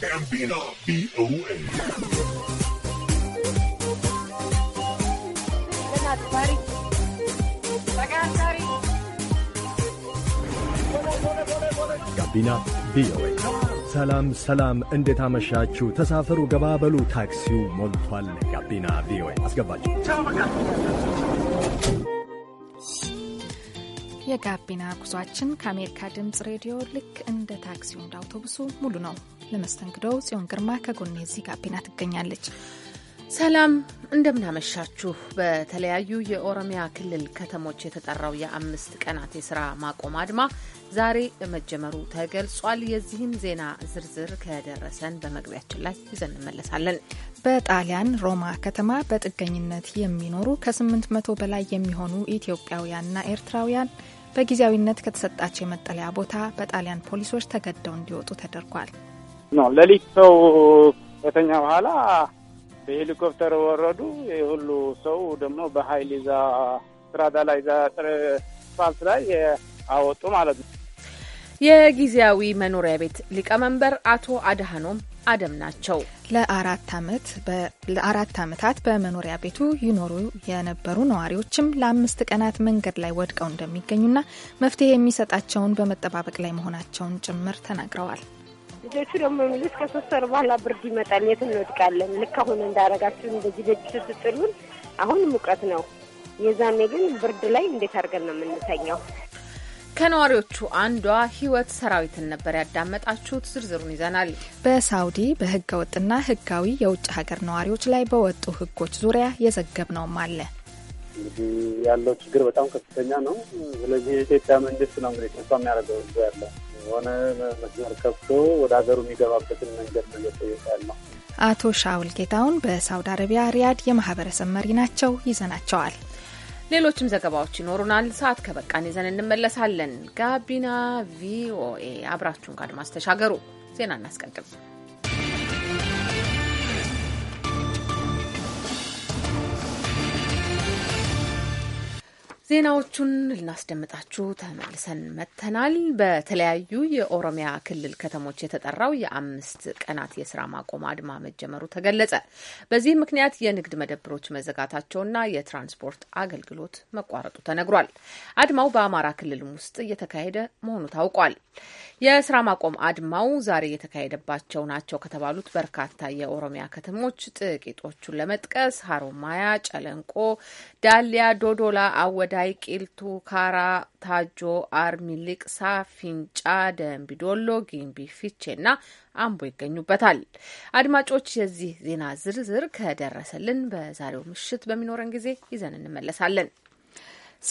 ጋቢና ቪኦኤ ጋቢና ቪኦኤ። ሰላም ሰላም፣ እንዴት አመሻችሁ? ተሳፈሩ፣ ገባበሉ፣ ታክሲው ሞልቷል። ጋቢና ቪኦኤ አስገባችሁ። የጋቢና ጉዟችን ከአሜሪካ ድምፅ ሬዲዮ ልክ እንደ ታክሲው እንደ አውቶቡሱ ሙሉ ነው። ለመስተንግዶው ጽዮን ግርማ ከጎኔ እዚህ ጋቢና ትገኛለች። ሰላም እንደምናመሻችሁ። በተለያዩ የኦሮሚያ ክልል ከተሞች የተጠራው የአምስት ቀናት የስራ ማቆም አድማ ዛሬ መጀመሩ ተገልጿል። የዚህም ዜና ዝርዝር ከደረሰን በመግቢያችን ላይ ይዘን እንመለሳለን። በጣሊያን ሮማ ከተማ በጥገኝነት የሚኖሩ ከ800 በላይ የሚሆኑ ኢትዮጵያውያንና ኤርትራውያን በጊዜያዊነት ከተሰጣቸው የመጠለያ ቦታ በጣሊያን ፖሊሶች ተገደው እንዲወጡ ተደርጓል። ነው። ሌሊት ሰው ከተኛ በኋላ በሄሊኮፕተር ወረዱ። ይህ ሁሉ ሰው ደግሞ በሀይል ዛ ስራዳ ላይ ዛ ስፋልት ላይ አወጡ ማለት ነው። የጊዜያዊ መኖሪያ ቤት ሊቀመንበር አቶ አድሃኖም አደም ናቸው። ለአራት ዓመታት በመኖሪያ ቤቱ ይኖሩ የነበሩ ነዋሪዎችም ለአምስት ቀናት መንገድ ላይ ወድቀው እንደሚገኙና መፍትሄ የሚሰጣቸውን በመጠባበቅ ላይ መሆናቸውን ጭምር ተናግረዋል። ልጆቹ ደግሞ የሚሉት ከሶስት ወር በኋላ ብርድ ይመጣል፣ የት እንወድቃለን? ልክ አሁን እንዳረጋችሁን እንደዚህ ደጅ ስትጥሉን አሁን ሙቀት ነው፣ የዛኔ ግን ብርድ ላይ እንዴት አድርገን ነው የምንተኛው? ከነዋሪዎቹ አንዷ ህይወት ሰራዊትን ነበር ያዳመጣችሁት። ዝርዝሩን ይዘናል። በሳውዲ በህገ ወጥና ህጋዊ የውጭ ሀገር ነዋሪዎች ላይ በወጡ ህጎች ዙሪያ የዘገብነውም አለ። እንግዲህ ያለው ችግር በጣም ከፍተኛ ነው። ስለዚህ የኢትዮጵያ መንግስት ነው እንግዲህ ተስፋ የሚያደርገው እዛ ያለ የሆነ መስመር ከፍቶ ወደ ሀገሩ የሚገባበትን መንገድ ነው እየጠየቀ ያለው። አቶ ሻውል ጌታውን በሳውዲ አረቢያ ሪያድ የማህበረሰብ መሪ ናቸው። ይዘናቸዋል። ሌሎችም ዘገባዎች ይኖሩናል። ሰዓት ከበቃን ይዘን እንመለሳለን። ጋቢና ቪኦኤ አብራችሁን ከአድማስ ተሻገሩ። ዜና እናስቀድም። ዜናዎቹን ልናስደምጣችሁ ተመልሰን መጥተናል። በተለያዩ የኦሮሚያ ክልል ከተሞች የተጠራው የአምስት ቀናት የስራ ማቆም አድማ መጀመሩ ተገለጸ። በዚህ ምክንያት የንግድ መደብሮች መዘጋታቸውና የትራንስፖርት አገልግሎት መቋረጡ ተነግሯል። አድማው በአማራ ክልልም ውስጥ እየተካሄደ መሆኑ ታውቋል። የስራ ማቆም አድማው ዛሬ የተካሄደባቸው ናቸው ከተባሉት በርካታ የኦሮሚያ ከተሞች ጥቂቶቹን ለመጥቀስ ሀሮማያ፣ ጨለንቆ፣ ዳሊያ፣ ዶዶላ፣ አወዳ ወልታይ ቂልቱ ካራ ታጆ አርሚ ሊቅሳ ፊንጫ ደንቢዶሎ ጊምቢ እና አምቦ ይገኙበታል። አድማጮች የዚህ ዜና ዝርዝር ከደረሰልን በዛሬው ምሽት በሚኖረን ጊዜ ይዘን እንመለሳለን።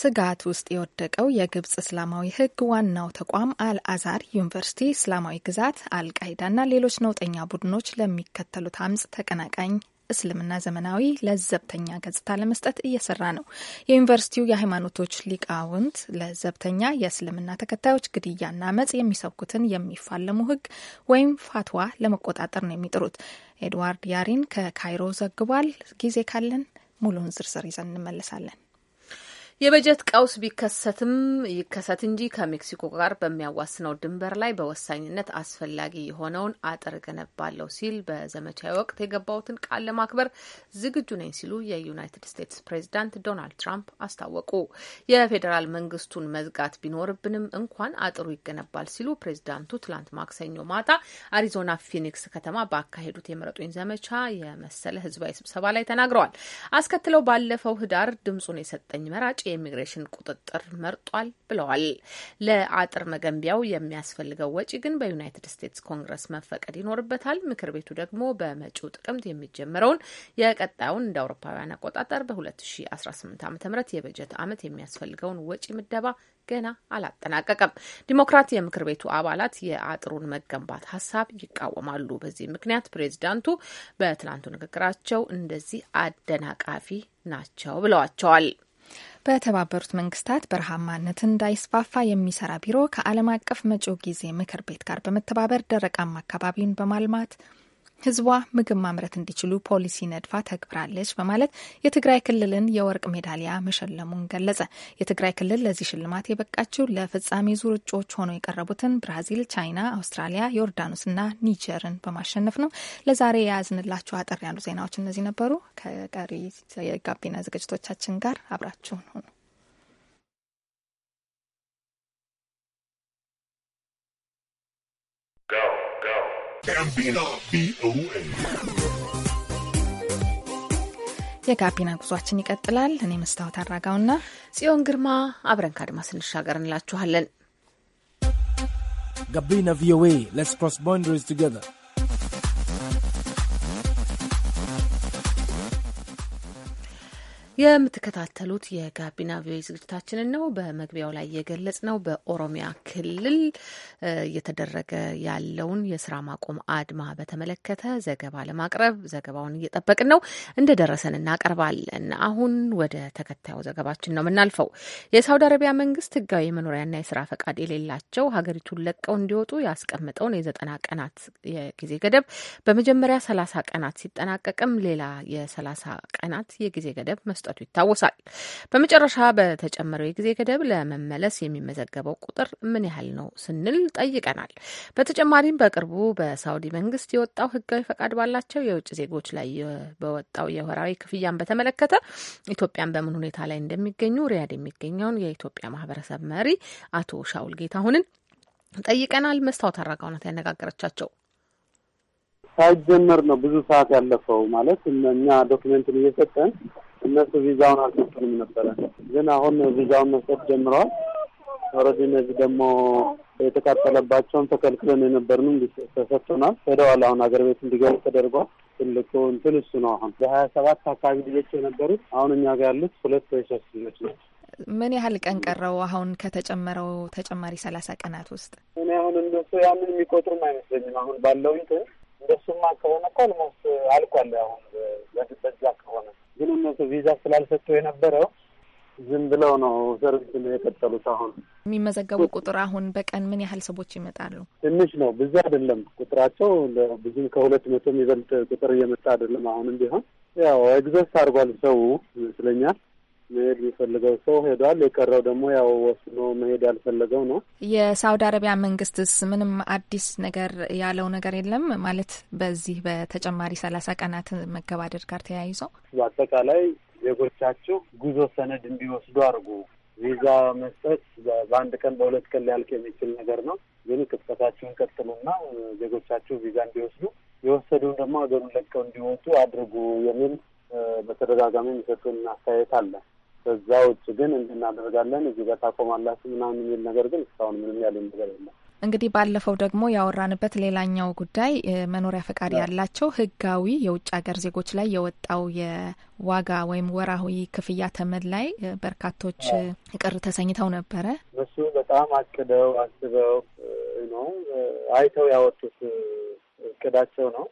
ስጋት ውስጥ የወደቀው የግብጽ እስላማዊ ሕግ ዋናው ተቋም አልአዛር ዩኒቨርሲቲ እስላማዊ ግዛት፣ አልቃይዳና ሌሎች ነውጠኛ ቡድኖች ለሚከተሉት አምጽ ተቀናቃኝ እስልምና ዘመናዊ ለዘብተኛ ገጽታ ለመስጠት እየሰራ ነው። የዩኒቨርሲቲው የሃይማኖቶች ሊቃውንት ለዘብተኛ የእስልምና ተከታዮች ግድያና መጽ የሚሰብኩትን የሚፋለሙ ህግ ወይም ፋትዋ ለመቆጣጠር ነው የሚጥሩት። ኤድዋርድ ያሪን ከካይሮ ዘግቧል። ጊዜ ካለን ሙሉውን ዝርዝር ይዘን እንመለሳለን። የበጀት ቀውስ ቢከሰትም ይከሰት እንጂ ከሜክሲኮ ጋር በሚያዋስነው ድንበር ላይ በወሳኝነት አስፈላጊ የሆነውን አጥር ገነባለሁ ሲል በዘመቻ ወቅት የገባሁትን ቃል ለማክበር ዝግጁ ነኝ ሲሉ የዩናይትድ ስቴትስ ፕሬዚዳንት ዶናልድ ትራምፕ አስታወቁ። የፌዴራል መንግስቱን መዝጋት ቢኖርብንም እንኳን አጥሩ ይገነባል ሲሉ ፕሬዚዳንቱ ትላንት ማክሰኞ ማታ አሪዞና ፊኒክስ ከተማ ባካሄዱት የምረጡኝ ዘመቻ የመሰለ ህዝባዊ ስብሰባ ላይ ተናግረዋል። አስከትለው ባለፈው ህዳር ድምጹን የሰጠኝ መራጭ የኢሚግሬሽን ቁጥጥር መርጧል ብለዋል። ለአጥር መገንቢያው የሚያስፈልገው ወጪ ግን በዩናይትድ ስቴትስ ኮንግረስ መፈቀድ ይኖርበታል። ምክር ቤቱ ደግሞ በመጪው ጥቅምት የሚጀምረውን የቀጣዩን እንደ አውሮፓውያን አቆጣጠር በ2018 ዓ ም የበጀት ዓመት የሚያስፈልገውን ወጪ ምደባ ገና አላጠናቀቀም። ዲሞክራት የምክር ቤቱ አባላት የአጥሩን መገንባት ሀሳብ ይቃወማሉ። በዚህ ምክንያት ፕሬዚዳንቱ በትናንቱ ንግግራቸው እንደዚህ አደናቃፊ ናቸው ብለዋቸዋል። በተባበሩት መንግስታት በረሃማነት እንዳይስፋፋ የሚሰራ ቢሮ ከዓለም አቀፍ መጪው ጊዜ ምክር ቤት ጋር በመተባበር ደረቃማ አካባቢውን በማልማት ህዝቧ ምግብ ማምረት እንዲችሉ ፖሊሲ ነድፋ ተግብራለች በማለት የትግራይ ክልልን የወርቅ ሜዳሊያ መሸለሙን ገለጸ። የትግራይ ክልል ለዚህ ሽልማት የበቃችው ለፍጻሜ ዙር እጩዎች ሆነው የቀረቡትን ብራዚል፣ ቻይና፣ አውስትራሊያ፣ ዮርዳኖስና ኒጀርን በማሸነፍ ነው። ለዛሬ የያዝንላችሁ አጠር ያሉ ዜናዎች እነዚህ ነበሩ። ከቀሪ የጋቢና ዝግጅቶቻችን ጋር አብራችሁን ሁኑ። go ጋቢና ቪኦኤ የጋቢና ጉዟችን ይቀጥላል። እኔ መስታወት አራጋውና ጽዮን ግርማ አብረን ከአድማስ ስንሻገር እንላችኋለን። ጋቢና ቪኦኤ ሌትስ ክሮስ ቦንደሪስ ቱጌዘር የምትከታተሉት የጋቢና ቪኦኤ ዝግጅታችንን ነው። በመግቢያው ላይ የገለጽ ነው በኦሮሚያ ክልል እየተደረገ ያለውን የስራ ማቆም አድማ በተመለከተ ዘገባ ለማቅረብ ዘገባውን እየጠበቅን ነው። እንደደረሰን እናቀርባለን። አሁን ወደ ተከታዩ ዘገባችን ነው የምናልፈው። የሳውዲ አረቢያ መንግስት ህጋዊ የመኖሪያና የስራ ፈቃድ የሌላቸው ሀገሪቱን ለቀው እንዲወጡ ያስቀምጠውን የዘጠና ቀናት የጊዜ ገደብ በመጀመሪያ ሰላሳ ቀናት ሲጠናቀቅም ሌላ የሰላሳ ቀናት የጊዜ ገደብ መስጠቱ ይታወሳል። በመጨረሻ በተጨመረው የጊዜ ገደብ ለመመለስ የሚመዘገበው ቁጥር ምን ያህል ነው ስንል ጠይቀናል። በተጨማሪም በቅርቡ በሳውዲ መንግስት የወጣው ህጋዊ ፈቃድ ባላቸው የውጭ ዜጎች ላይ በወጣው የወራዊ ክፍያን በተመለከተ ኢትዮጵያን በምን ሁኔታ ላይ እንደሚገኙ ሪያድ የሚገኘውን የኢትዮጵያ ማህበረሰብ መሪ አቶ ሻውል ጌታሁንን ጠይቀናል። መስታወት አራጋው ናት ያነጋገረቻቸው። ሳይጀመር ነው ብዙ ሰዓት ያለፈው ማለት እኛ ዶክመንትን እየሰጠን እነሱ ቪዛውን አልሰጡንም ነበረ፣ ግን አሁን ቪዛውን መስጠት ጀምረዋል። ኦልሬዲ እነዚህ ደግሞ የተቃጠለባቸውን ተከልክለን የነበርንም ተሰጥቶናል። ሄደዋል። አሁን ሀገር ቤት እንዲገቡ ተደርጓል። ትልቁ እንትን እሱ ነው። አሁን በሀያ ሰባት አካባቢ ልጆች የነበሩት አሁን እኛ ጋር ያሉት ሁለት ወይ ሶስት ልጆች ናቸው። ምን ያህል ቀን ቀረው? አሁን ከተጨመረው ተጨማሪ ሰላሳ ቀናት ውስጥ እኔ አሁን እነሱ ያንን የሚቆጥሩም አይመስለኝም አሁን ባለው እንትን እንደሱማ ከሆነ እኮ አልሞስት አልቋል። አሁን በዛ ከሆነ ግን እነሱ ቪዛ ስላልሰጡ የነበረው ዝም ብለው ነው ሰርቪስ ነው የቀጠሉት። አሁን የሚመዘገቡ ቁጥር አሁን በቀን ምን ያህል ሰዎች ይመጣሉ? ትንሽ ነው፣ ብዙ አይደለም ቁጥራቸው። ብዙም ከሁለት መቶ የሚበልጥ ቁጥር እየመጣ አይደለም። አሁንም ቢሆን ያው ኤግዞስት አድርጓል ሰው ይመስለኛል። መሄድ የሚፈልገው ሰው ሄዷል። የቀረው ደግሞ ያው ወስኖ መሄድ ያልፈለገው ነው። የሳውዲ አረቢያ መንግስትስ ምንም አዲስ ነገር ያለው ነገር የለም ማለት በዚህ በተጨማሪ ሰላሳ ቀናት መገባደድ ጋር ተያይዞ በአጠቃላይ ዜጎቻቸው ጉዞ ሰነድ እንዲወስዱ አድርጉ ቪዛ መስጠት በአንድ ቀን በሁለት ቀን ሊያልቅ የሚችል ነገር ነው። ግን ቅስቀሳችሁን ቀጥሉና ዜጎቻችሁ ቪዛ እንዲወስዱ የወሰዱን ደግሞ ሀገሩን ለቀው እንዲወጡ አድርጉ የሚል በተደጋጋሚ የሚሰጡን አስተያየት አለ። በዛ ውጭ ግን እንድናደርጋለን እዚህ ጋር ታቆማላችሁ ምናምን የሚል ነገር ግን እስካሁን ምንም ያለኝ ነገር የለም። እንግዲህ ባለፈው ደግሞ ያወራንበት ሌላኛው ጉዳይ መኖሪያ ፈቃድ ያላቸው ህጋዊ የውጭ ሀገር ዜጎች ላይ የወጣው የዋጋ ወይም ወራዊ ክፍያ ተመድ ላይ በርካቶች ቅር ተሰኝተው ነበረ። እሱ በጣም አቅደው አስበው ነው አይተው ያወጡት እቅዳቸው ነው።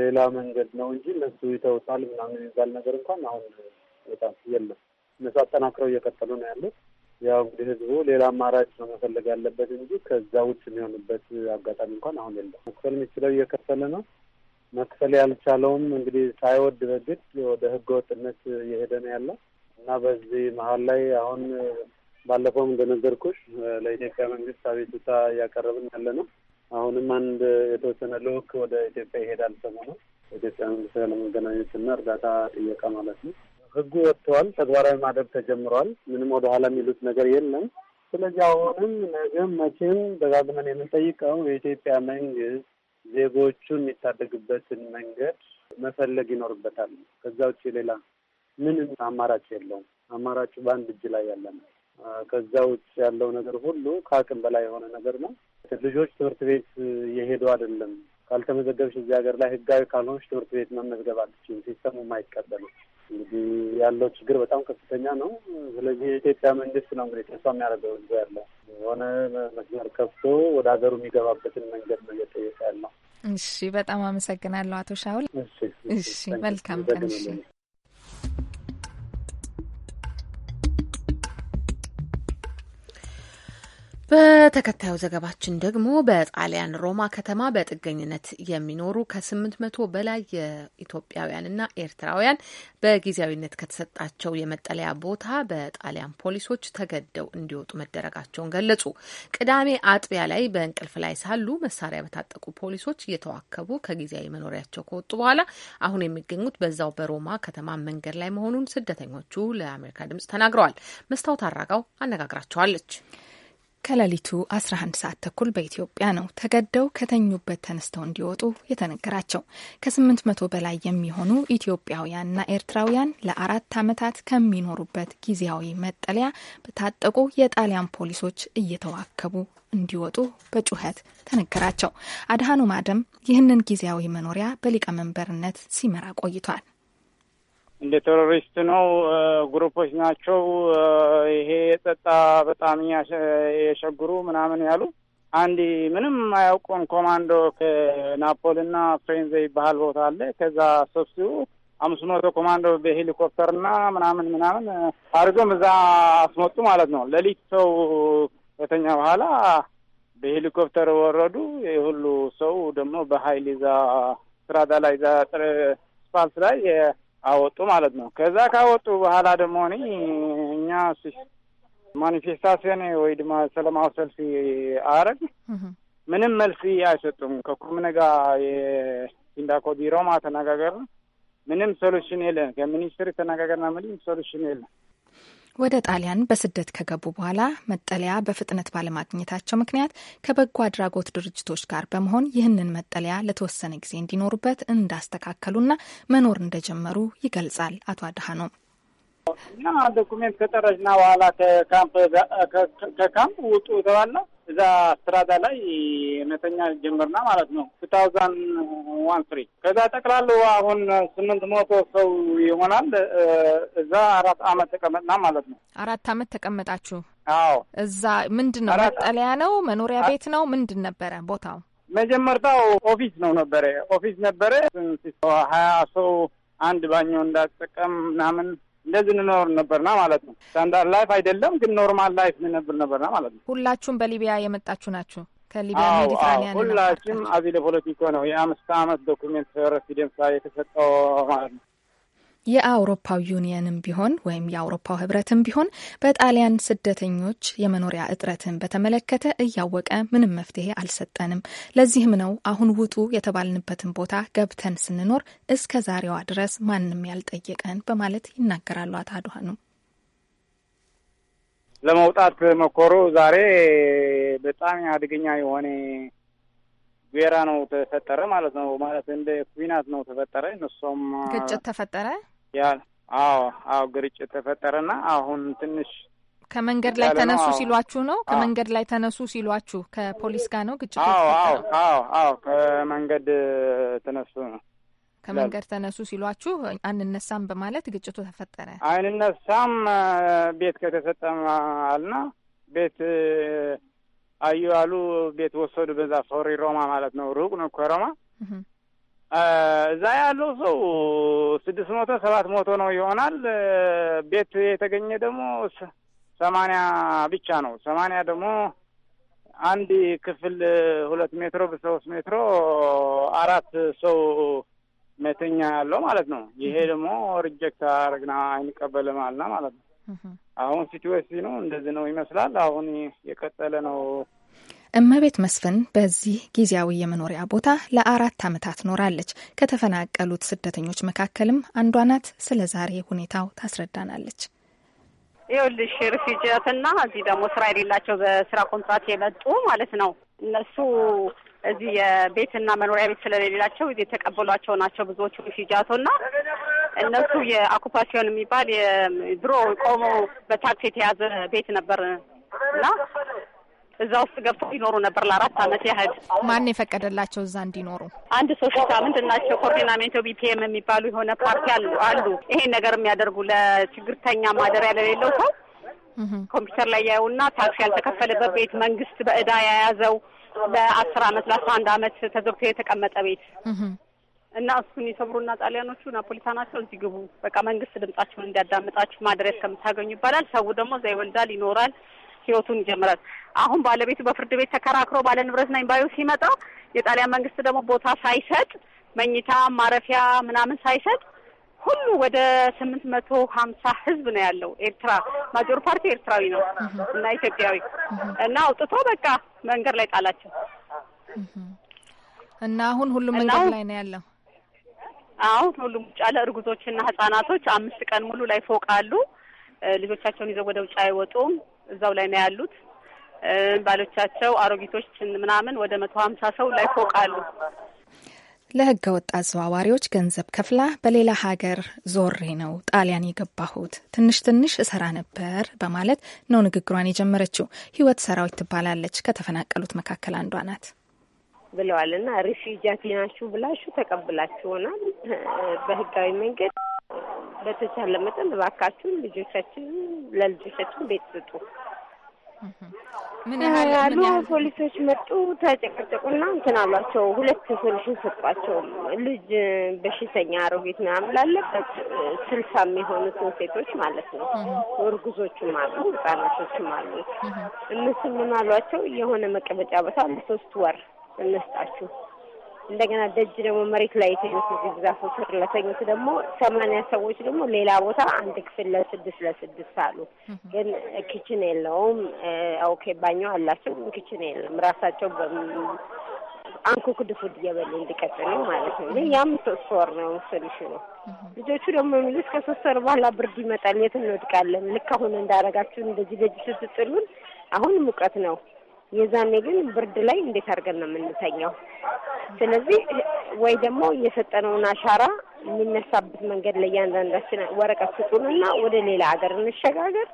ሌላ መንገድ ነው እንጂ እነሱ ይተውታል ምናምን የሚባል ነገር እንኳን አሁን በጣም የለም። እነሱ አጠናክረው እየቀጠሉ ነው ያሉት። ያው እንግዲህ ህዝቡ ሌላ አማራጭ ነው መፈለግ ያለበት እንጂ ከዛ ውጭ የሚሆንበት አጋጣሚ እንኳን አሁን የለም። መክፈል የሚችለው እየከፈለ ነው። መክፈል ያልቻለውም እንግዲህ ሳይወድ በግድ ወደ ህገወጥነት እየሄደ ነው ያለው እና በዚህ መሀል ላይ አሁን ባለፈውም እንደነገርኩሽ ለኢትዮጵያ መንግስት አቤቱታ እያቀረብን ያለ ነው። አሁንም አንድ የተወሰነ ልዑክ ወደ ኢትዮጵያ ይሄዳል ሰሞኑን ኢትዮጵያ መንግስት ለመገናኘት እና እርዳታ ጥየቃ ማለት ነው። ህጉ ወጥተዋል፣ ተግባራዊ ማድረግ ተጀምሯል። ምንም ወደኋላ የሚሉት ነገር የለም። ስለዚህ አሁንም ነገም መቼም ደጋግመን የምንጠይቀው የኢትዮጵያ መንግስት ዜጎቹ የሚታደግበትን መንገድ መፈለግ ይኖርበታል። ከዛ ውጭ ሌላ ምንም አማራጭ የለውም። አማራጩ በአንድ እጅ ላይ ያለ ነው። ከዛ ውጭ ያለው ነገር ሁሉ ከአቅም በላይ የሆነ ነገር ነው። ልጆች ትምህርት ቤት እየሄዱ አይደለም። ካልተመዘገብሽ እዚህ ሀገር ላይ ህጋዊ ካልሆንሽ ትምህርት ቤት መመዝገብ አትችይም። ሲስተሙም አይቀበልም። እንግዲህ ያለው ችግር በጣም ከፍተኛ ነው። ስለዚህ የኢትዮጵያ መንግስት ነው እንግዲህ ተስፋ የሚያደርገው ህዝብ ያለው የሆነ መስመር ከፍቶ ወደ ሀገሩ የሚገባበትን መንገድ ነው እየጠየቀ ያለው። እሺ፣ በጣም አመሰግናለሁ አቶ ሻውል። እሺ፣ መልካም ቀን። በተከታዩ ዘገባችን ደግሞ በጣሊያን ሮማ ከተማ በጥገኝነት የሚኖሩ ከስምንት መቶ በላይ የኢትዮጵያውያንና ኤርትራውያን በጊዜያዊነት ከተሰጣቸው የመጠለያ ቦታ በጣሊያን ፖሊሶች ተገደው እንዲወጡ መደረጋቸውን ገለጹ። ቅዳሜ አጥቢያ ላይ በእንቅልፍ ላይ ሳሉ መሳሪያ በታጠቁ ፖሊሶች እየተዋከቡ ከጊዜያዊ መኖሪያቸው ከወጡ በኋላ አሁን የሚገኙት በዛው በሮማ ከተማ መንገድ ላይ መሆኑን ስደተኞቹ ለአሜሪካ ድምጽ ተናግረዋል። መስታወት አራጋው አነጋግራቸዋለች። ከሌሊቱ 11 ሰዓት ተኩል በኢትዮጵያ ነው ተገደው ከተኙበት ተነስተው እንዲወጡ የተነገራቸው። ከ800 በላይ የሚሆኑ ኢትዮጵያውያንና ኤርትራውያን ለአራት ዓመታት ከሚኖሩበት ጊዜያዊ መጠለያ በታጠቁ የጣሊያን ፖሊሶች እየተዋከቡ እንዲወጡ በጩኸት ተነገራቸው። አድሃኖም አደም ይህንን ጊዜያዊ መኖሪያ በሊቀመንበርነት ሲመራ ቆይቷል። እንደ ቴሮሪስት ነው ግሩፖች ናቸው ይሄ የጸጣ በጣም የሸግሩ ምናምን ያሉ አንድ ምንም አያውቁን ኮማንዶ ከናፖልና ፍሬንዘ ይባሃል ቦታ አለ። ከዛ ሰብሲቡ አምስት መቶ ኮማንዶ በሄሊኮፕተርና ምናምን ምናምን አድርገም እዛ አስመጡ ማለት ነው። ሌሊት ሰው በተኛ በኋላ በሄሊኮፕተር ወረዱ። የሁሉ ሰው ደግሞ በሀይል ዛ ስትራዳ ላይ ዛ ስፋልት ላይ አወጡ ማለት ነው። ከዛ ካወጡ በኋላ ደግሞ እኔ እኛ ማኒፌስታሲዮን ወይ ድማ ሰላማዊ ሰልፊ አረግ ምንም መልስ አይሰጡም። ከኮምነ ጋር የሲንዳኮ ቢሮማ ተነጋገር ምንም ሶሉሽን የለ ከሚኒስትር ተነጋገርና ምንም ሶሉሽን የለ ወደ ጣሊያን በስደት ከገቡ በኋላ መጠለያ በፍጥነት ባለማግኘታቸው ምክንያት ከበጎ አድራጎት ድርጅቶች ጋር በመሆን ይህንን መጠለያ ለተወሰነ ጊዜ እንዲኖሩበት እንዳስተካከሉና መኖር እንደጀመሩ ይገልጻል አቶ አድሃኖ። እና ዶኩሜንት ከጠረጅና በኋላ ከካምፕ ውጡ የተባልነው እዛ ስትራዳ ላይ እውነተኛ ጀምርና ማለት ነው ቱ ታውዛንድ ዋን ትሪ ከዛ ጠቅላሉ አሁን ስምንት መቶ ሰው ይሆናል። እዛ አራት አመት ተቀመጥና ማለት ነው። አራት አመት ተቀመጣችሁ? አዎ። እዛ ምንድን ነው መጠለያ ነው መኖሪያ ቤት ነው ምንድን ነበረ ቦታው? መጀመርታው ኦፊስ ነው ነበረ ኦፊስ ነበረ ሀያ ሰው አንድ ባኞ እንዳጠቀም ምናምን እንደዚህ እንኖር ነበርና ማለት ነው። ስታንዳርድ ላይፍ አይደለም ግን ኖርማል ላይፍ እንነብር ነበርና ማለት ነው። ሁላችሁም በሊቢያ የመጣችሁ ናችሁ? ከሊቢያ ሜዲትራኒያን አዚ ለፖለቲኮ ነው የአምስት አመት ዶኩሜንት ሬሲደንስ ላይ የተሰጠው ማለት ነው። የአውሮፓው ዩኒየንም ቢሆን ወይም የአውሮፓው ህብረትም ቢሆን በጣሊያን ስደተኞች የመኖሪያ እጥረትን በተመለከተ እያወቀ ምንም መፍትሄ አልሰጠንም። ለዚህም ነው አሁን ውጡ የተባልንበትን ቦታ ገብተን ስንኖር እስከ ዛሬዋ ድረስ ማንም ያልጠየቀን በማለት ይናገራሉ አታድኋኑ። ለመውጣት መኮሩ ዛሬ በጣም አደገኛ የሆነ ጉራ ነው ተፈጠረ ማለት ነው። ማለት እንደ ኩናት ነው ተፈጠረ። እነሱም ግጭት ተፈጠረ ያ አዎ አዎ ግርጭት ተፈጠረና አሁን ትንሽ ከመንገድ ላይ ተነሱ ሲሏችሁ ነው? ከመንገድ ላይ ተነሱ ሲሏችሁ ከፖሊስ ጋር ነው ግጭቱ? አዎ አዎ አዎ አዎ ከመንገድ ተነሱ ነው። ከመንገድ ተነሱ ሲሏችሁ አንነሳም በማለት ግጭቱ ተፈጠረ። አንነሳም ቤት ከተሰጠም አልና ቤት አዩ አሉ ቤት ወሰዱ። በዛ ሶሪ ሮማ ማለት ነው ሩቅ ነው ሮማ። እዛ ያለው ሰው ስድስት መቶ ሰባት መቶ ነው ይሆናል። ቤት የተገኘ ደግሞ ሰማንያ ብቻ ነው። ሰማንያ ደግሞ አንድ ክፍል ሁለት ሜትሮ በሶስት ሜትሮ አራት ሰው መተኛ ያለው ማለት ነው። ይሄ ደግሞ ሪጀክት አረግና አይንቀበልም አልና ማለት ነው። አሁን ሲቲዌሲ ነው እንደዚህ ነው ይመስላል። አሁን የቀጠለ ነው እመቤት መስፍን በዚህ ጊዜያዊ የመኖሪያ ቦታ ለአራት ዓመታት ኖራለች። ከተፈናቀሉት ስደተኞች መካከልም አንዷ ናት። ስለ ዛሬ ሁኔታው ታስረዳናለች። ይኸውልሽ ሪፊውጂያትና እዚህ ደግሞ ስራ የሌላቸው በስራ ኮንትራት የመጡ ማለት ነው። እነሱ እዚህ የቤትና መኖሪያ ቤት ስለሌላቸው የተቀበሏቸው ናቸው ብዙዎቹ ሪፊውጂያቶና እነሱ የአኩፓሲዮን የሚባል የድሮ ቆሞ በታክስ የተያዘ ቤት ነበር እና እዛ ውስጥ ገብተው ይኖሩ ነበር ለአራት አመት ያህል። ማን የፈቀደላቸው እዛ እንዲኖሩ? አንድ ሶስት ምንድን ናቸው ኮርዲናሜንቶ ቢፒኤም የሚባሉ የሆነ ፓርቲ አሉ። ይሄን ነገር የሚያደርጉ ለችግርተኛ ማደሪያ ለሌለው ሰው ኮምፒውተር ላይ ያዩና ታክስ ያልተከፈለበት ቤት መንግስት በእዳ የያዘው ለአስር አመት ለአስራ አንድ አመት ተዘግቶ የተቀመጠ ቤት እና እሱን የሰብሩና ጣሊያኖቹ ናፖሊታ ናቸው። እዚህ ግቡ፣ በቃ መንግስት ድምጻችሁን እንዲያዳምጣችሁ ማድረስ ከምታገኙ ይባላል። ሰው ደግሞ እዛ ይወልዳል፣ ይኖራል። ህይወቱን ይጀምራል። አሁን ባለቤቱ በፍርድ ቤት ተከራክሮ ባለ ንብረት ነኝ ባዩ ሲመጣ የጣሊያን መንግስት ደግሞ ቦታ ሳይሰጥ መኝታ ማረፊያ ምናምን ሳይሰጥ ሁሉ ወደ ስምንት መቶ ሀምሳ ህዝብ ነው ያለው። ኤርትራ ማጆር ፓርቲ ኤርትራዊ ነው እና ኢትዮጵያዊ እና አውጥቶ በቃ መንገድ ላይ ጣላቸው እና አሁን ሁሉም መንገድ ላይ ነው ያለው። አሁን ሁሉም ውጭ እርጉዞችና ህጻናቶች አምስት ቀን ሙሉ ላይ ፎቅ አሉ። ልጆቻቸውን ይዘው ወደ ውጭ አይወጡም። እዛው ላይ ነው ያሉት። ባሎቻቸው አሮጊቶች ምናምን ወደ መቶ ሀምሳ ሰው ላይ ፎቅ አሉ። ለህገ ወጥ አዘዋዋሪዎች ገንዘብ ከፍላ በሌላ ሀገር ዞሬ ነው ጣሊያን የገባሁት ትንሽ ትንሽ እሰራ ነበር በማለት ነው ንግግሯን የጀመረችው። ህይወት ሰራዊት ትባላለች። ከተፈናቀሉት መካከል አንዷ ናት ብለዋል እና ሪፊውጃቲ ናችሁ ብላችሁ ተቀብላችሁናል በህጋዊ መንገድ በተቻለ መጠን እባካችሁን ልጆቻችን ለልጆቻችን ቤት ስጡ። ምን ያህል ያሉ ፖሊሶች መጡ፣ ተጨቀጨቁና እንትን አሏቸው። ሁለት ሶሉሽን ሰጧቸው። ልጅ በሽተኛ አሮጌት ምናምን ላለበት ስልሳ የሚሆኑትን ሴቶች ማለት ነው። እርጉዞችም አሉ፣ ህጻናቶችም አሉ። እነሱ ምን አሏቸው? የሆነ መቀመጫ ቦታ ለሶስት ወር እንስጣችሁ እንደገና ደጅ ደግሞ መሬት ላይ የተኙት ዛፎች ስር ለተኙት ደግሞ ሰማንያ ሰዎች ደግሞ ሌላ ቦታ አንድ ክፍል ለስድስት ለስድስት አሉ። ግን ክችን የለውም። ኦኬ ባኞ አላቸው፣ ክችን የለም። ራሳቸው አንኮክድ ፉድ እየበሉ እንዲቀጥሉ ማለት ነው። ግን ያም ሶስት ወር ነው ስልሽ ነው። ልጆቹ ደግሞ የሚሉት ከሶስት ወር በኋላ ብርድ ይመጣል፣ የት እንወድቃለን። ልክ አሁን እንዳረጋችሁን እንደዚህ ደጅ ስትጥሉን አሁን ሙቀት ነው የዛኔ ግን ብርድ ላይ እንዴት አድርገን ነው የምንተኛው? ስለዚህ ወይ ደግሞ የሰጠነውን አሻራ የሚነሳበት መንገድ ለእያንዳንዳችን ወረቀት ስጡንና ወደ ሌላ ሀገር እንሸጋገር፣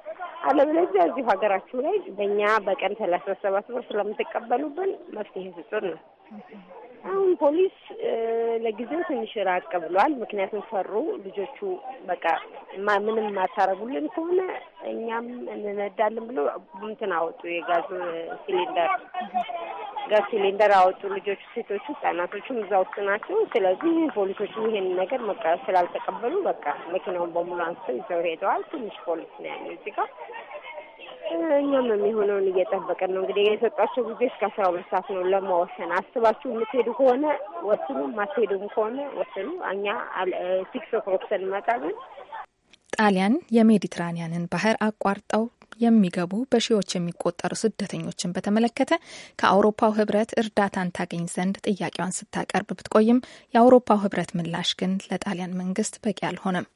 አለበለዚያ እዚሁ ሀገራችሁ ላይ በእኛ በቀን ሰላሳ ሰባት ብር ስለምትቀበሉብን መፍትሄ ስጡን ነው። አሁን ፖሊስ ለጊዜው ትንሽ ራቅ ብሏል። ምክንያቱም ፈሩ ልጆቹ በቃ ምንም ማታረጉልን ከሆነ እኛም እንነዳለን ብሎ ቡምትን አወጡ። የጋዙ ሲሊንደር ጋዝ ሲሊንደር አወጡ። ልጆቹ፣ ሴቶቹ፣ ህጻናቶቹም እዛ ውስጥ ናቸው። ስለዚህ ፖሊሶቹ ይሄን ነገር በቃ ስላልተቀበሉ በቃ መኪናውን በሙሉ አንስተው ይዘው ሄደዋል። ትንሽ ፖሊስ ነው ያለው እዚህ ጋር እኛም የሚሆነውን እየጠበቀን ነው። እንግዲህ የሰጧቸው ጊዜ እስከ አስራ ሁለት ሰዓት ነው ለመወሰን። አስባችሁ የምትሄዱ ከሆነ ወስኑ፣ ማትሄዱም ከሆነ ወስኑ። እኛ ሲክስ ኦክሎክ እንመጣለን። ጣሊያን የሜዲትራኒያንን ባህር አቋርጠው የሚገቡ በሺዎች የሚቆጠሩ ስደተኞችን በተመለከተ ከአውሮፓው ህብረት እርዳታን ታገኝ ዘንድ ጥያቄዋን ስታቀርብ ብትቆይም የአውሮፓው ህብረት ምላሽ ግን ለጣሊያን መንግስት በቂ አልሆነም።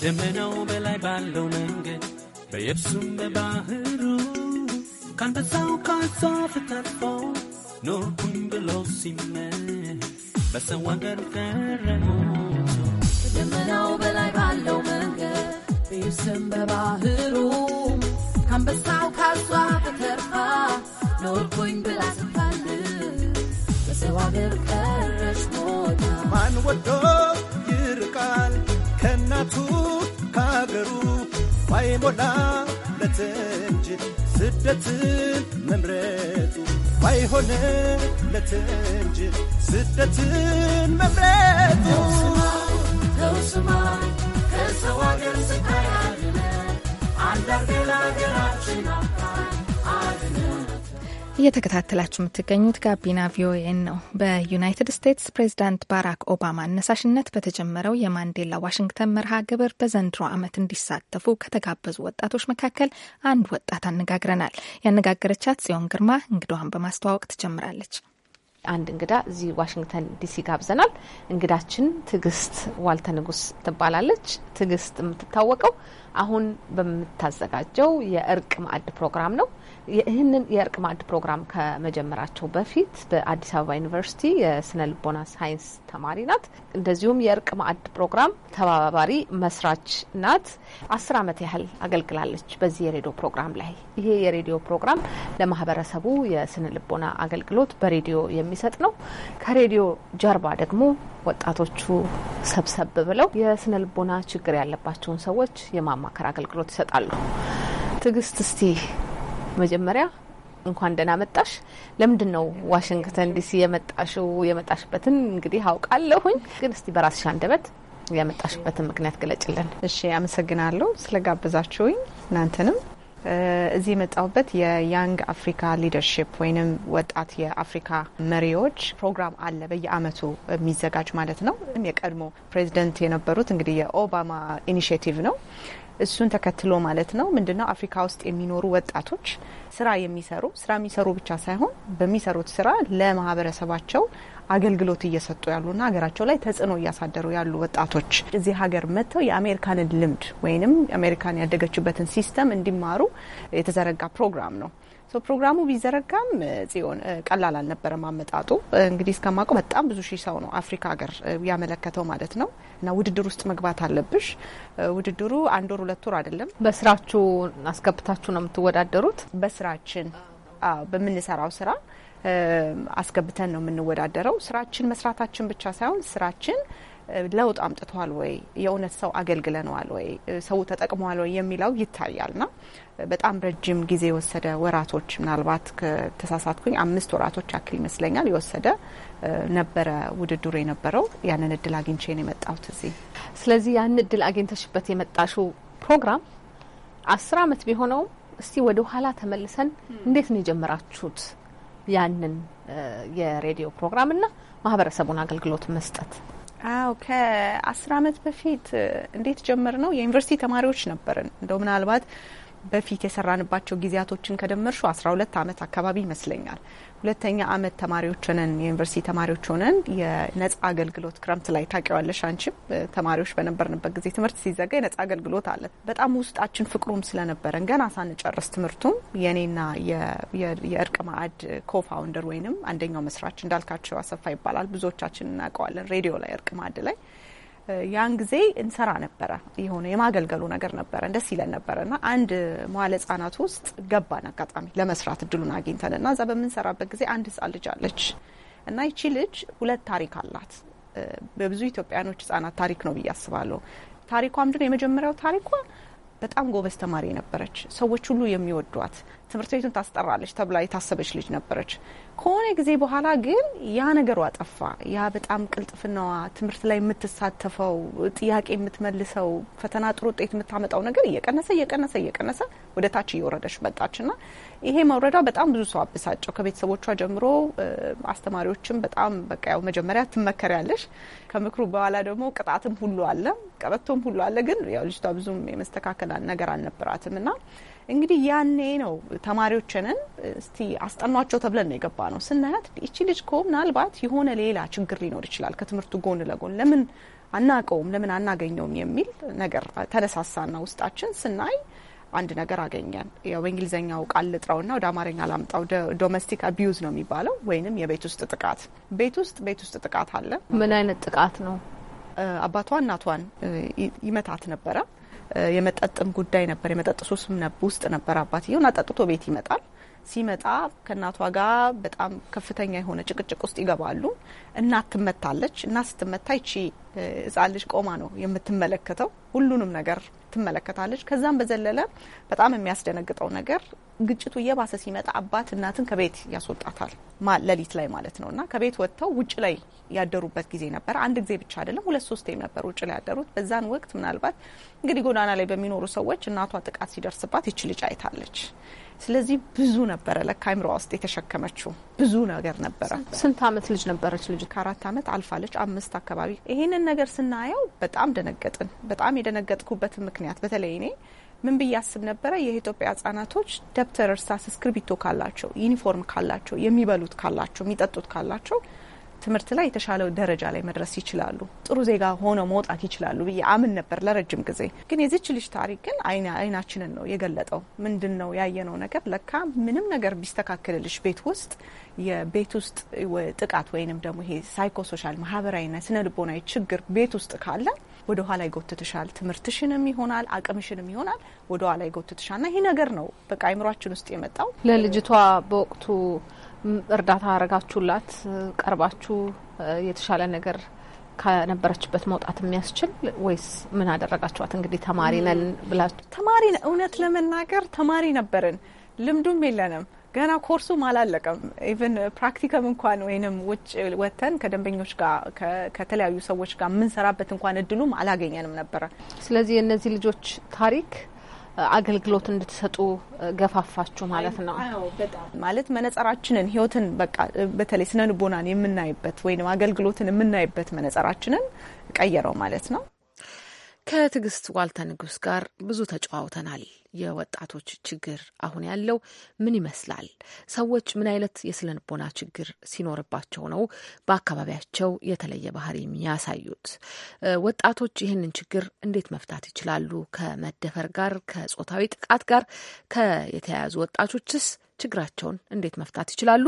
ከደመናው በላይ ባለው መንገድ በየብሱም በባህሩ ካንበሳው ካሳ ተጠርፎ ኖርኩኝ ብሎ ሲመኝ በሰው አገር ቀረሞ ከደመናው በላይ ባለው መንገድ በየብሱም በባህሩ ካንበሳው ካሷ ተተርፋ ኖርኩኝ ብላ ስፋልግ በሰው አገር ቀረች ሞታ ማን ወዶ ይርቃል ከእናቱ ከአገሩ ባይሞላ ለተንጅ ስደትን መምረጡ ባይሆነለት እንጂ ስደትን መምረጡ ሰማይ ከሰው አገር ስታይ አንዳርጌ ለአገራችን እየተከታተላችሁ የምትገኙት ጋቢና ቪኦኤን ነው። በዩናይትድ ስቴትስ ፕሬዚዳንት ባራክ ኦባማ አነሳሽነት በተጀመረው የማንዴላ ዋሽንግተን መርሃ ግብር በዘንድሮ ዓመት እንዲሳተፉ ከተጋበዙ ወጣቶች መካከል አንድ ወጣት አነጋግረናል። ያነጋገረቻት ጽዮን ግርማ እንግዳዋን በማስተዋወቅ ትጀምራለች። አንድ እንግዳ እዚህ ዋሽንግተን ዲሲ ጋብዘናል። እንግዳችን ትዕግስት ዋልተ ንጉስ ትባላለች። ትዕግስት የምትታወቀው አሁን በምታዘጋጀው የእርቅ ማዕድ ፕሮግራም ነው። ይህንን የእርቅ ማዕድ ፕሮግራም ከመጀመራቸው በፊት በአዲስ አበባ ዩኒቨርሲቲ የስነ ልቦና ሳይንስ ተማሪ ናት። እንደዚሁም የእርቅ ማዕድ ፕሮግራም ተባባሪ መስራች ናት። አስር ዓመት ያህል አገልግላለች በዚህ የሬዲዮ ፕሮግራም ላይ። ይሄ የሬዲዮ ፕሮግራም ለማህበረሰቡ የስነ ልቦና አገልግሎት በሬዲዮ የሚሰጥ ነው። ከሬዲዮ ጀርባ ደግሞ ወጣቶቹ ሰብሰብ ብለው የስነ ልቦና ችግር ያለባቸውን ሰዎች የማማከር አገልግሎት ይሰጣሉ። ትዕግስት እስቲ መጀመሪያ እንኳን ደህና መጣሽ። ለምንድን ነው ዋሽንግተን ዲሲ የመጣሽው? የመጣሽበትን እንግዲህ አውቃለሁኝ፣ ግን እስቲ በራስሽ አንደበት ያመጣሽበትን ምክንያት ገለጭልን። እሺ፣ አመሰግናለሁ ስለጋበዛችሁኝ እናንተንም እዚህ የመጣሁበት የያንግ አፍሪካ ሊደርሽፕ ወይም ወጣት የአፍሪካ መሪዎች ፕሮግራም አለ በየአመቱ የሚዘጋጅ ማለት ነው። የቀድሞ ፕሬዚደንት የነበሩት እንግዲህ የኦባማ ኢኒሽቲቭ ነው። እሱን ተከትሎ ማለት ነው ምንድነው አፍሪካ ውስጥ የሚኖሩ ወጣቶች ስራ የሚሰሩ ስራ የሚሰሩ ብቻ ሳይሆን በሚሰሩት ስራ ለማህበረሰባቸው አገልግሎት እየሰጡ ያሉና ሀገራቸው ላይ ተጽዕኖ እያሳደሩ ያሉ ወጣቶች እዚህ ሀገር መጥተው የአሜሪካንን ልምድ ወይም አሜሪካን ያደገችበትን ሲስተም እንዲማሩ የተዘረጋ ፕሮግራም ነው። ፕሮግራሙ ቢዘረጋም ጽዮን ቀላል አልነበረም አመጣጡ። እንግዲህ እስከማውቀው በጣም ብዙ ሺህ ሰው ነው አፍሪካ ሀገር ያመለከተው ማለት ነው። እና ውድድር ውስጥ መግባት አለብሽ። ውድድሩ አንድ ወር ሁለት ወር አይደለም። በስራችሁ አስገብታችሁ ነው የምትወዳደሩት? በስራችን በምንሰራው ስራ አስገብተን ነው የምንወዳደረው። ስራችን መስራታችን ብቻ ሳይሆን ስራችን ለውጥ አምጥቷል ወይ፣ የእውነት ሰው አገልግለነዋል ወይ፣ ሰው ተጠቅሟል ወይ የሚለው ይታያል ና በጣም ረጅም ጊዜ የወሰደ ወራቶች ምናልባት ከተሳሳትኩኝ አምስት ወራቶች ያክል ይመስለኛል የወሰደ ነበረ ውድድሩ የነበረው። ያንን እድል አግኝቼ ነው የመጣሁት እዚህ። ስለዚህ ያን እድል አግኝተሽበት የመጣሽው ፕሮግራም አስር አመት ቢሆነውም እስቲ ወደ ኋላ ተመልሰን እንዴት ነው የጀመራችሁት ያንን የሬዲዮ ፕሮግራም እና ማህበረሰቡን አገልግሎት መስጠት? አዎ ከአስር አመት በፊት እንዴት ጀመር ነው የዩኒቨርሲቲ ተማሪዎች ነበርን። እንደው ምናልባት በፊት የሰራንባቸው ጊዜያቶችን ከደመርሹ አስራ ሁለት አመት አካባቢ ይመስለኛል። ሁለተኛ አመት ተማሪዎች ሆነን የዩኒቨርሲቲ ተማሪዎች ሆነን የነጻ አገልግሎት ክረምት ላይ ታውቂዋለሽ አንቺም ተማሪዎች በነበርንበት ጊዜ ትምህርት ሲዘጋ የነጻ አገልግሎት አለ። በጣም ውስጣችን ፍቅሩም ስለነበረን ገና ሳንጨርስ ትምህርቱም የእኔና የእርቅ ማዕድ ኮፋውንደር ወይንም አንደኛው መስራች እንዳልካቸው አሰፋ ይባላል ብዙዎቻችን እናውቀዋለን። ሬዲዮ ላይ እርቅ ማዕድ ላይ ያን ጊዜ እንሰራ ነበረ። የሆነ የማገልገሉ ነገር ነበረ ደስ ይለን ነበረ እና አንድ መዋለ ህጻናት ውስጥ ገባን አጋጣሚ ለመስራት እድሉን አግኝተን እና እዛ በምንሰራበት ጊዜ አንድ ህጻን ልጅ አለች እና ይቺ ልጅ ሁለት ታሪክ አላት። በብዙ ኢትዮጵያኖች ህጻናት ታሪክ ነው ብዬ አስባለሁ። ታሪኳ ነው የመጀመሪያው ታሪኳ በጣም ጎበዝ ተማሪ ነበረች። ሰዎች ሁሉ የሚወዷት ትምህርት ቤቱን ታስጠራለች ተብላ የታሰበች ልጅ ነበረች። ከሆነ ጊዜ በኋላ ግን ያ ነገሯ ጠፋ። ያ በጣም ቅልጥፍናዋ፣ ትምህርት ላይ የምትሳተፈው፣ ጥያቄ የምትመልሰው፣ ፈተና ጥሩ ውጤት የምታመጣው ነገር እየቀነሰ እየቀነሰ እየቀነሰ ወደ ታች እየወረደች መጣችና ይሄ መውረዷ በጣም ብዙ ሰው አበሳጨው። ከቤተሰቦቿ ጀምሮ አስተማሪዎችም በጣም በቃ ያው መጀመሪያ ትመከር ያለሽ ከምክሩ በኋላ ደግሞ ቅጣትም ሁሉ አለ፣ ቀበቶም ሁሉ አለ። ግን ያው ልጅቷ ብዙም የመስተካከል ነገር አልነበራትም እና እንግዲህ ያኔ ነው ተማሪዎችንን እስቲ አስጠኗቸው ተብለን ነው የገባ ነው። ስናያት እቺ ልጅ ኮ ምናልባት የሆነ ሌላ ችግር ሊኖር ይችላል ከትምህርቱ ጎን ለጎን ለምን አናቀውም ለምን አናገኘውም የሚል ነገር ተነሳሳና ውስጣችን ስናይ አንድ ነገር አገኘን። ያው በእንግሊዝኛው ቃል ልጥረውና ወደ አማርኛ ላምጣው ዶሜስቲክ አቢዩዝ ነው የሚባለው፣ ወይንም የቤት ውስጥ ጥቃት። ቤት ውስጥ ቤት ውስጥ ጥቃት አለ። ምን አይነት ጥቃት ነው? አባቷ እናቷን ይመታት ነበረ። የመጠጥም ጉዳይ ነበር። የመጠጥ ሱስም ውስጥ ነበር። አባትየውን ጠጥቶ ቤት ይመጣል። ሲመጣ ከእናቷ ጋር በጣም ከፍተኛ የሆነ ጭቅጭቅ ውስጥ ይገባሉ። እናት ትመታለች እና ስትመታ ይቺ ህጻን ልጅ ቆማ ነው የምትመለከተው። ሁሉንም ነገር ትመለከታለች። ከዛም በዘለለ በጣም የሚያስደነግጠው ነገር ግጭቱ እየባሰ ሲመጣ አባት እናትን ከቤት ያስወጣታል። ሌሊት ላይ ማለት ነው እና ከቤት ወጥተው ውጭ ላይ ያደሩበት ጊዜ ነበር። አንድ ጊዜ ብቻ አይደለም፣ ሁለት ሶስቴም ነበር ውጭ ላይ ያደሩት። በዛን ወቅት ምናልባት እንግዲህ ጎዳና ላይ በሚኖሩ ሰዎች እናቷ ጥቃት ሲደርስባት ይች ልጅ አይታለች። ስለዚህ ብዙ ነበረ ለካ አይምሮ ውስጥ የተሸከመችው ብዙ ነገር ነበረ። ስንት አመት ልጅ ነበረች? ልጅ ከአራት አመት አልፋለች፣ አምስት አካባቢ። ይሄንን ነገር ስናየው በጣም ደነገጥን። በጣም የደነገጥኩበትን ምክንያት በተለይ እኔ ምን ብዬ አስብ ነበረ የኢትዮጵያ ህጻናቶች ደብተር፣ እርሳስ፣ እስክርቢቶ ካላቸው፣ ዩኒፎርም ካላቸው፣ የሚበሉት ካላቸው፣ የሚጠጡት ካላቸው ትምህርት ላይ የተሻለው ደረጃ ላይ መድረስ ይችላሉ፣ ጥሩ ዜጋ ሆነው መውጣት ይችላሉ ብዬ አምን ነበር ለረጅም ጊዜ። ግን የዚች ልጅ ታሪክ ግን አይናችንን ነው የገለጠው። ምንድን ነው ያየነው ነገር? ለካ ምንም ነገር ቢስተካከልልሽ ቤት ውስጥ የቤት ውስጥ ጥቃት ወይንም ደግሞ ይሄ ሳይኮሶሻል ማህበራዊና ስነ ልቦናዊ ችግር ቤት ውስጥ ካለ ወደ ኋላ ይጎትትሻል። ትምህርትሽንም ይሆናል አቅምሽንም ይሆናል ወደ ኋላ ይጎትትሻል። ና ይሄ ነገር ነው በቃ አይምሯችን ውስጥ የመጣው ለልጅቷ በወቅቱ እርዳታ አረጋችሁላት ቀርባችሁ የተሻለ ነገር ከነበረችበት መውጣት የሚያስችል ወይስ ምን አደረጋችኋት? እንግዲህ ተማሪ ነን ብላችሁ ተማሪ እውነት ለመናገር ተማሪ ነበርን። ልምዱም የለንም። ገና ኮርሱም አላለቀም። ኢቨን ፕራክቲከም እንኳን ወይንም ውጭ ወጥተን ከደንበኞች ጋር ከተለያዩ ሰዎች ጋር የምንሰራበት እንኳን እድሉም አላገኘንም ነበረ። ስለዚህ የእነዚህ ልጆች ታሪክ አገልግሎት እንድትሰጡ ገፋፋችሁ ማለት ነው። ማለት መነጸራችንን ህይወትን በቃ በተለይ ስነ ልቦናን የምናይበት ወይም አገልግሎትን የምናይበት መነጸራችንን ቀየረው ማለት ነው። ከትዕግስት ዋልተ ንጉስ ጋር ብዙ ተጨዋውተናል። የወጣቶች ችግር አሁን ያለው ምን ይመስላል? ሰዎች ምን አይነት የስነ ችግር ሲኖርባቸው ነው በአካባቢያቸው የተለየ ባህሪ የሚያሳዩት? ወጣቶች ይህንን ችግር እንዴት መፍታት ይችላሉ? ከመደፈር ጋር ከጾታዊ ጥቃት ጋር ከየተያያዙ ወጣቶችስ ችግራቸውን እንዴት መፍታት ይችላሉ?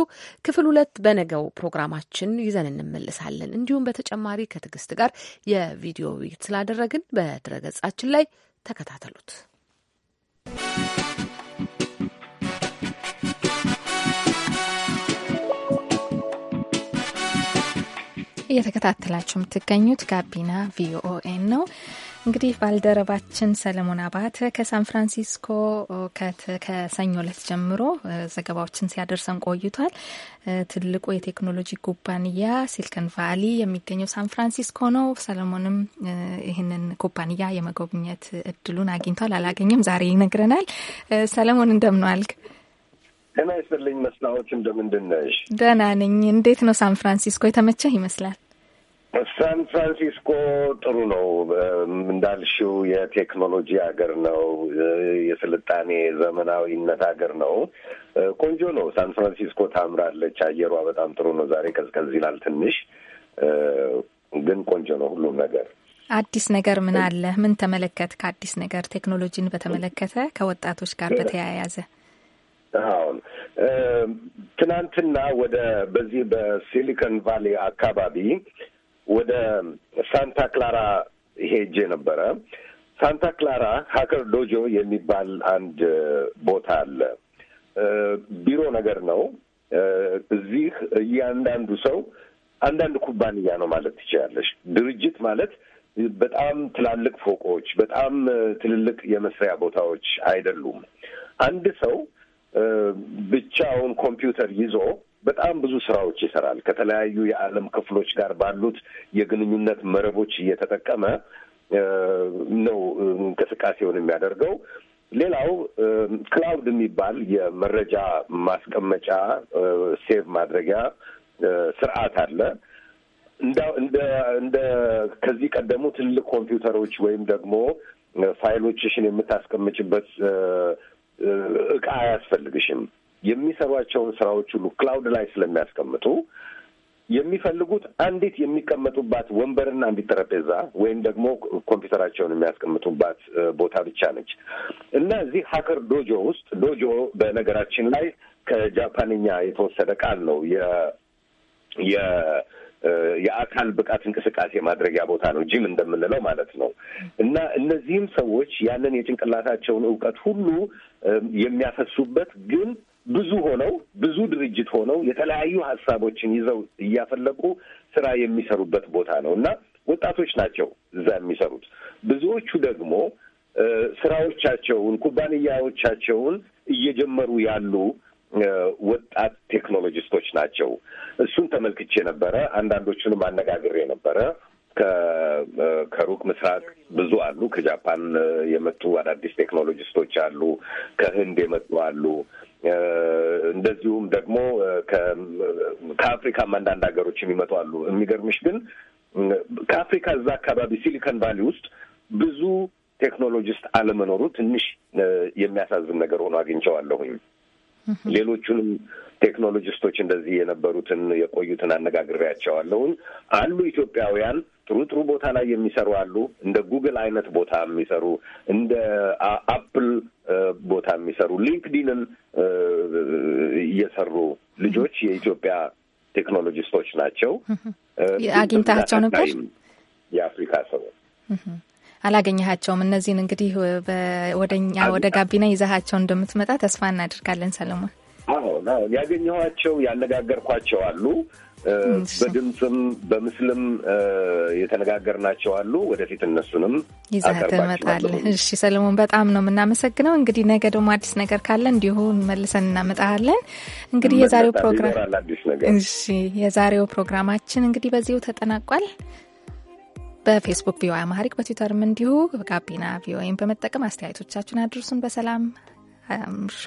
ክፍል ሁለት በነገው ፕሮግራማችን ይዘን እንመልሳለን። እንዲሁም በተጨማሪ ከትዕግስት ጋር የቪዲዮ ውይይት ስላደረግን በድረገጻችን ላይ ተከታተሉት። እየተከታተላችሁ የምትገኙት ጋቢና ቪኦኤ ነው። እንግዲህ ባልደረባችን ሰለሞን አባተ ከሳን ፍራንሲስኮ ከሰኞ ዕለት ጀምሮ ዘገባዎችን ሲያደርሰን ቆይቷል። ትልቁ የቴክኖሎጂ ኩባንያ ሲልከን ቫሊ የሚገኘው ሳን ፍራንሲስኮ ነው። ሰለሞንም ይህንን ኩባንያ የመጎብኘት እድሉን አግኝቷል፣ አላገኘም፣ ዛሬ ይነግረናል። ሰለሞን እንደምን ጤና ይስጥልኝ መስናዎች፣ እንደምንድን ነሽ? ደህና ነኝ። እንዴት ነው ሳን ፍራንሲስኮ የተመቸህ ይመስላል? ሳን ፍራንሲስኮ ጥሩ ነው እንዳልሽው፣ የቴክኖሎጂ ሀገር ነው። የስልጣኔ ዘመናዊነት ሀገር ነው። ቆንጆ ነው። ሳን ፍራንሲስኮ ታምራለች። አየሯ በጣም ጥሩ ነው። ዛሬ ቀዝቀዝ ይላል ትንሽ፣ ግን ቆንጆ ነው ሁሉም ነገር። አዲስ ነገር ምን አለ? ምን ተመለከት? ከአዲስ ነገር ቴክኖሎጂን በተመለከተ ከወጣቶች ጋር በተያያዘ አሁን ትናንትና ወደ በዚህ በሲሊከን ቫሌ አካባቢ ወደ ሳንታ ክላራ ሄጄ ነበረ። ሳንታ ክላራ ሀከር ዶጆ የሚባል አንድ ቦታ አለ። ቢሮ ነገር ነው። እዚህ እያንዳንዱ ሰው አንዳንድ ኩባንያ ነው ማለት ትችላለች። ድርጅት ማለት በጣም ትላልቅ ፎቆች፣ በጣም ትልልቅ የመስሪያ ቦታዎች አይደሉም። አንድ ሰው ብቻውን ኮምፒውተር ይዞ በጣም ብዙ ስራዎች ይሰራል። ከተለያዩ የዓለም ክፍሎች ጋር ባሉት የግንኙነት መረቦች እየተጠቀመ ነው እንቅስቃሴውን የሚያደርገው። ሌላው ክላውድ የሚባል የመረጃ ማስቀመጫ ሴቭ ማድረጊያ ስርዓት አለ። እንደ እንደ ከዚህ ቀደሙ ትልቅ ኮምፒውተሮች ወይም ደግሞ ፋይሎችሽን የምታስቀምጭበት እቃ አያስፈልግሽም። የሚሰሯቸውን ስራዎች ሁሉ ክላውድ ላይ ስለሚያስቀምጡ የሚፈልጉት አንዲት የሚቀመጡባት ወንበርና አንዲት ጠረጴዛ ወይም ደግሞ ኮምፒውተራቸውን የሚያስቀምጡባት ቦታ ብቻ ነች እና እዚህ ሀከር ዶጆ ውስጥ ዶጆ በነገራችን ላይ ከጃፓንኛ የተወሰደ ቃል ነው። የ የአካል ብቃት እንቅስቃሴ ማድረጊያ ቦታ ነው፣ ጂም እንደምንለው ማለት ነው። እና እነዚህም ሰዎች ያንን የጭንቅላታቸውን እውቀት ሁሉ የሚያፈሱበት ግን ብዙ ሆነው ብዙ ድርጅት ሆነው የተለያዩ ሀሳቦችን ይዘው እያፈለቁ ስራ የሚሰሩበት ቦታ ነው እና ወጣቶች ናቸው እዛ የሚሰሩት። ብዙዎቹ ደግሞ ስራዎቻቸውን፣ ኩባንያዎቻቸውን እየጀመሩ ያሉ ወጣት ቴክኖሎጂስቶች ናቸው። እሱን ተመልክቼ ነበረ። አንዳንዶቹንም አነጋግሬ ነበረ። ከሩቅ ምስራቅ ብዙ አሉ። ከጃፓን የመጡ አዳዲስ ቴክኖሎጂስቶች አሉ። ከህንድ የመጡ አሉ። እንደዚሁም ደግሞ ከአፍሪካም አንዳንድ ሀገሮች የሚመጡ አሉ። የሚገርምሽ ግን ከአፍሪካ እዛ አካባቢ ሲሊከን ቫሊ ውስጥ ብዙ ቴክኖሎጂስት አለመኖሩ ትንሽ የሚያሳዝን ነገር ሆኖ አግኝቸዋለሁኝ ሌሎቹንም ቴክኖሎጂስቶች እንደዚህ የነበሩትን የቆዩትን አነጋግሬያቸዋለሁኝ። አሉ ኢትዮጵያውያን ጥሩ ጥሩ ቦታ ላይ የሚሰሩ አሉ። እንደ ጉግል አይነት ቦታ የሚሰሩ እንደ አፕል ቦታ የሚሰሩ ሊንክዲንን እየሰሩ ልጆች የኢትዮጵያ ቴክኖሎጂስቶች ናቸው። አግኝታቸው ነበር? የአፍሪካ ሰው አላገኘሃቸውም? እነዚህን እንግዲህ ወደኛ ወደ ጋቢና ይዘሃቸው እንደምትመጣ ተስፋ እናደርጋለን። ሰለሞን አዎ፣ ያገኘኋቸው ያነጋገርኳቸው አሉ በድምፅም በምስልም የተነጋገርናቸው አሉ። ወደፊት እነሱንም ይዘህ ትመጣለህ። እሺ ሰለሞን፣ በጣም ነው የምናመሰግነው። እንግዲህ ነገ ደግሞ አዲስ ነገር ካለ እንዲሁን መልሰን እናመጣለን። እንግዲህ የዛሬው ፕሮግራም እሺ፣ የዛሬው ፕሮግራማችን እንግዲህ በዚሁ ተጠናቋል። በፌስቡክ ቪኦኤ አማሪክ በትዊተርም እንዲሁ ጋቢና ቪኦኤም በመጠቀም አስተያየቶቻችሁን አድርሱን። በሰላም አምሹ።